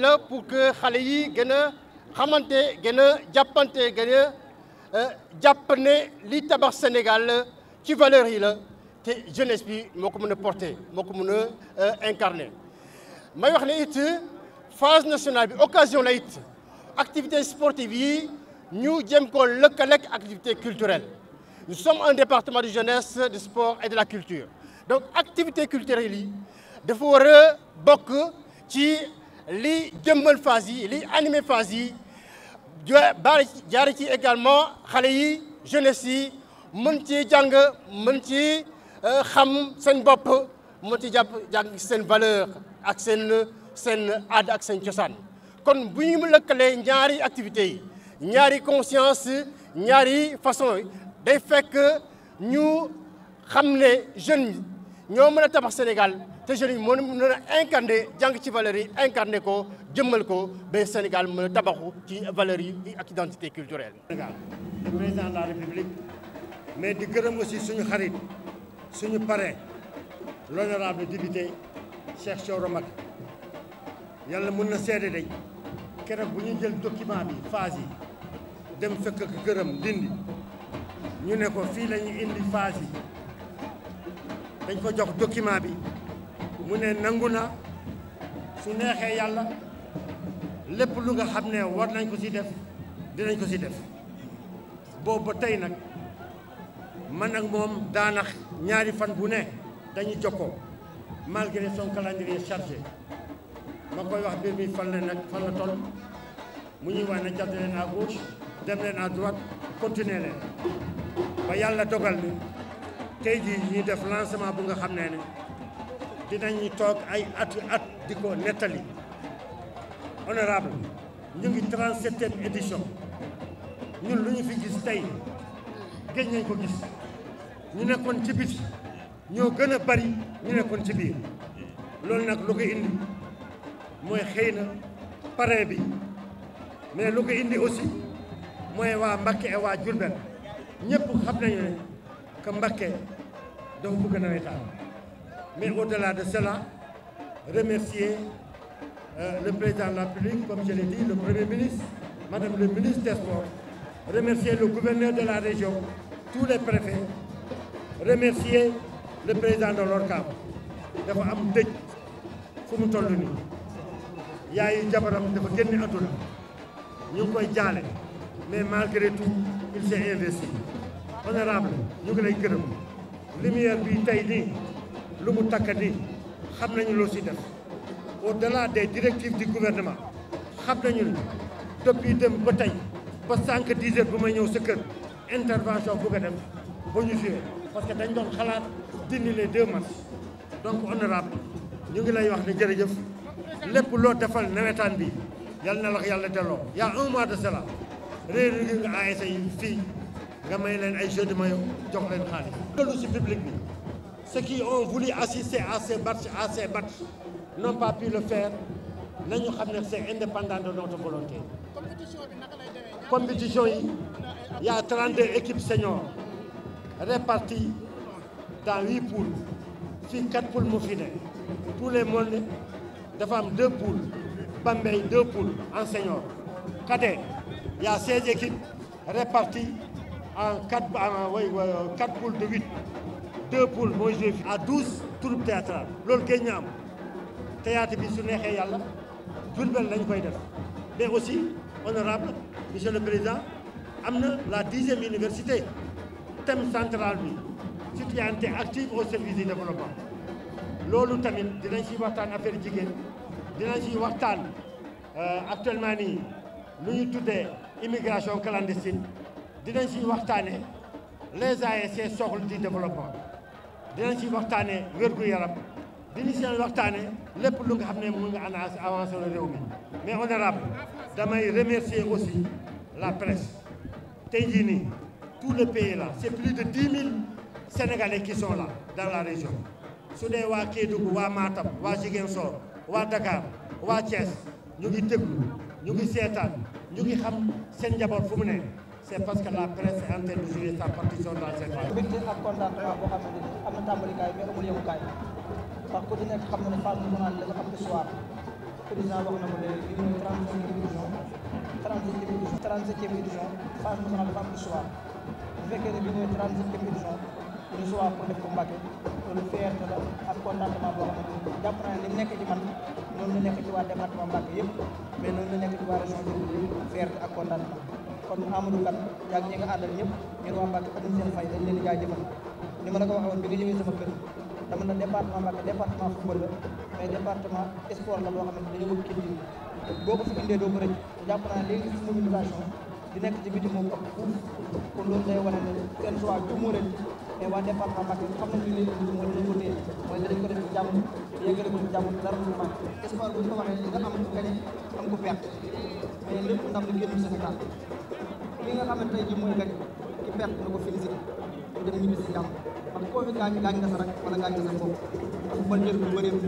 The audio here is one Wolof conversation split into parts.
la pour que xale yi gën a xamante gën a jàppante gën a euh, jàpp ne li tabax Sénégal ci valeur yi la te jeunesse bi moo ko mën a porter moo ko mën a euh, incarner may wax ne it phase nationale bi occasion la it activité sportive yi ñu jëm ko lëkkaleeg activité culturelle nous sommes un département de jeunesse de sport et de la culture donc activité culturelle yi dafa war bokk ci li jëmmal phase yi li animé phase yi baari jaari ci également xale yi jeunesse yi mën ci jàng mën ci euh, xam seen bopp mën ci jàpp jàng seen valeur ak seen seen aada ak seen cosaan kon bu ñu lëkkalee ñaari activités yi ñaari conscience ñaari façon yi day fekk ñu xam ne jeunes ñoo mën a tabax Sénégal te jeunes yi mën mën a incarné jàng ci valeurs yi incarné ko jëmmal ko ba Sénégal mën a tabaxu ci valeur yi ak identité culturelle. Sénégal président République mais di gërëm aussi suñu xarit suñu parrain l'honorable député Cheikh Thioro Mbacké yàlla mun na seede day keroog bu ñu jël document bi phase yi dem fekk ak këram dindi ñu ne ko fii la ñu indi phase yi dañ ko jox document bi. mu ne nangu na su neexee yàlla lépp lu nga xam ne war nañ ko ci def dinañ ko ci def boobu ba tey nag man nag moom daanax ñaari fan bu ne dañu jokkoo malgré son calendrier chargé ma koy wax mbir mi fan la nag fan la toll mu ñuy wax ne jàpp leen à gauche dem leen à droite continuer leen ba yàlla dogal ni tey jii ñuy def lancement bu nga xam ne ne dinañu toog ay at at di nettali honorable ñu ngi 37e édition ñun lu ñu fi gis tey géej nañ ko gis ñu nekkoon ci biti ñoo gën a bari ñu nekkoon ci biir loolu nag lu ko indi mooy xëy na parrain bi mais lu ko indi aussi mooy waa Mbacké et waa Diourbel ñëpp xam nañu ne que Mbacké dafa bëgg nawetaan mais au-delà de cela, remercier euh, le président la République, comme je le Premier ministre, Madame le ministre des Sports, le gouverneur de la région, tous les préfets, remercier le président de l'ORCAV dafa am dëj fu mu toll nii yaayu jabaram dafa génn àdduna ñu ngi koy jaale mais malgré il s'est investi honorable ñu ngi lay gërëm lumière bi tey nii lu mu takkati xam nañu loo si def au-delà des directives du gouvernement xab nañu ne depuis dem ba tey ba sànq 10 heures bu may ñëw sa kër intervention bu nga dem ba ñu joué parce que dañ doon xalaat dindi leen deux matchs donc honorable ñu ngi lay wax ne jërëjëf lépp loo defal nawetaan bi yal na la yàlla delloo. y' a un mois de cela réeréer nga ASC yi fii nga may leen ay jeux de maillot jox xaalis. loolu si public bi. ceux qui ont voulu assister à ces matchs à ces matchs n'ont pas pu le faire nañu xam ne c'est indépendant de notre volonté compétition yi y a 32 équipes seniors réparties dans huit poules fii quatre poules mu fi ne tous les mondes dafa am deux poules Bambey deux poules en senior cadet y a équipes réparties en quatre en oui, quatre de huit deux poules mooy joué à douze troupes théâtrales loolu gën ñu am théâtre bi su neexee yàlla Diourbel lañ koy def mais aussi honorable monsieur le président am na la dixième université thème central bi citoyenneté active au service du développement loolu tamit dinañ si waxtaan affaire jigéen dinañ si waxtaan euh, actuellement ni lu ñu tuddee immigration clandestine dinañ siy waxtaane les ASC soxla du développement yaa dinañ ci waxtaanee wér-gu-yaram dinañ ci waxtaanee lépp lu nga xam ne mu nga anaas avancé la réew mi mais honorable damay remercier aussi la presse tey jii nii tout le pays la c'est plus de dix mille sénégalais qui sont dans la région su dee waa Kédougou waa Matam waa Ziguinchor waa Dakar waa Thiès ñu ngi déglu ñu ngi seetaan ñu ngi xam seen njaboot fu mu ne c'est parce que la presse est en train de jouer sa partition dans ces phases. mbégte ak contentement boo nekk xam na ne phase mu nekk ci man noonu la nekk ci waa département Mbàkke yëpp mais noonu nekk ci waa région de Louga yëpp fierté ak kon Amadou Kane yaag ñi nga àndal ñëpp ñun waa Mbacke amuñ seen fay dañ leen di jaajëfal ni ma la ko waxee woon bi nga ñëwee sama kër dama na département Mbacke département football la mais département sport la boo xam ne dañoo bëgg kii bi boo ko fi indee doo ko rëcc jàpp naa léegi si mobilisation di nekk ci biti moom ëpp fuuf kon loolu day wane ne seen choix tout moo leen mais waa département Mbacke xam nañ li leen indi mooy dinañ ko téye mooy dinañ ko def ci jàmm yéegale ko ci jàmm dara du manque espoir bu ñu ko waxee nga am ku gañe am ku perte mais lépp ndam lu génn Sénégal bi nga xamante ne bii mooy gañ ki perte na ko félicité mu dem ñibbi si jàmm ndax koo fi gaañ nga sa rek wala nga sa bopp ndax ban njëriñ bu bëree bu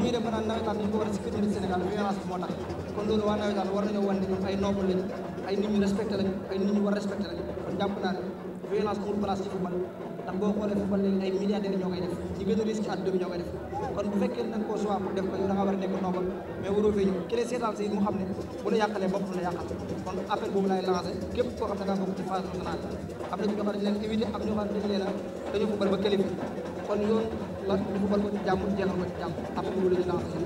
ñuy dem ba naan nawetaan dañ ko war a sécurité Sénégal violence bi moo tax kon loolu waa ay noble lañ ay nit ñu respecté lañ ay nit war respecté lañ kon jàpp naa ne violence amul place ci ndax boo xoolee football léegi ay milliardaires ñoo koy def ci gën a risque àdduna bi ñoo koy kon bu fekkee da nga koo ko yow da nga war a mais waroo fee ñëw seetaan si mu xam ne bu la yàqalee bopp la yàqal kon appel boobu laay ne da ngaa bokk ci phase nationale ñu xam ne leen évité am ñoo xam ne dañ leen a dañoo football ba qualifié kon yoon la ñu football ko ci jàmm jeexal ko ci jàmm appel boobu la ñu lancé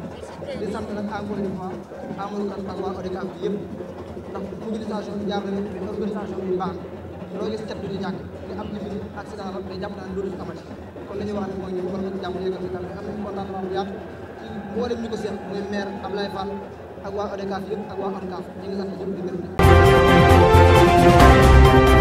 di sant nag encore une fois Amadou Kane ak te am na fi accident am te jàpp naa ne loolu amati kon li ñu wax mooy ñu war a jàmm yëkkati tam te ñu ko seet muy maire Ablaye Fall ak waa ODCAV e yëpp ak waa ANCAV ñu ngi sant ñëpp di gërëm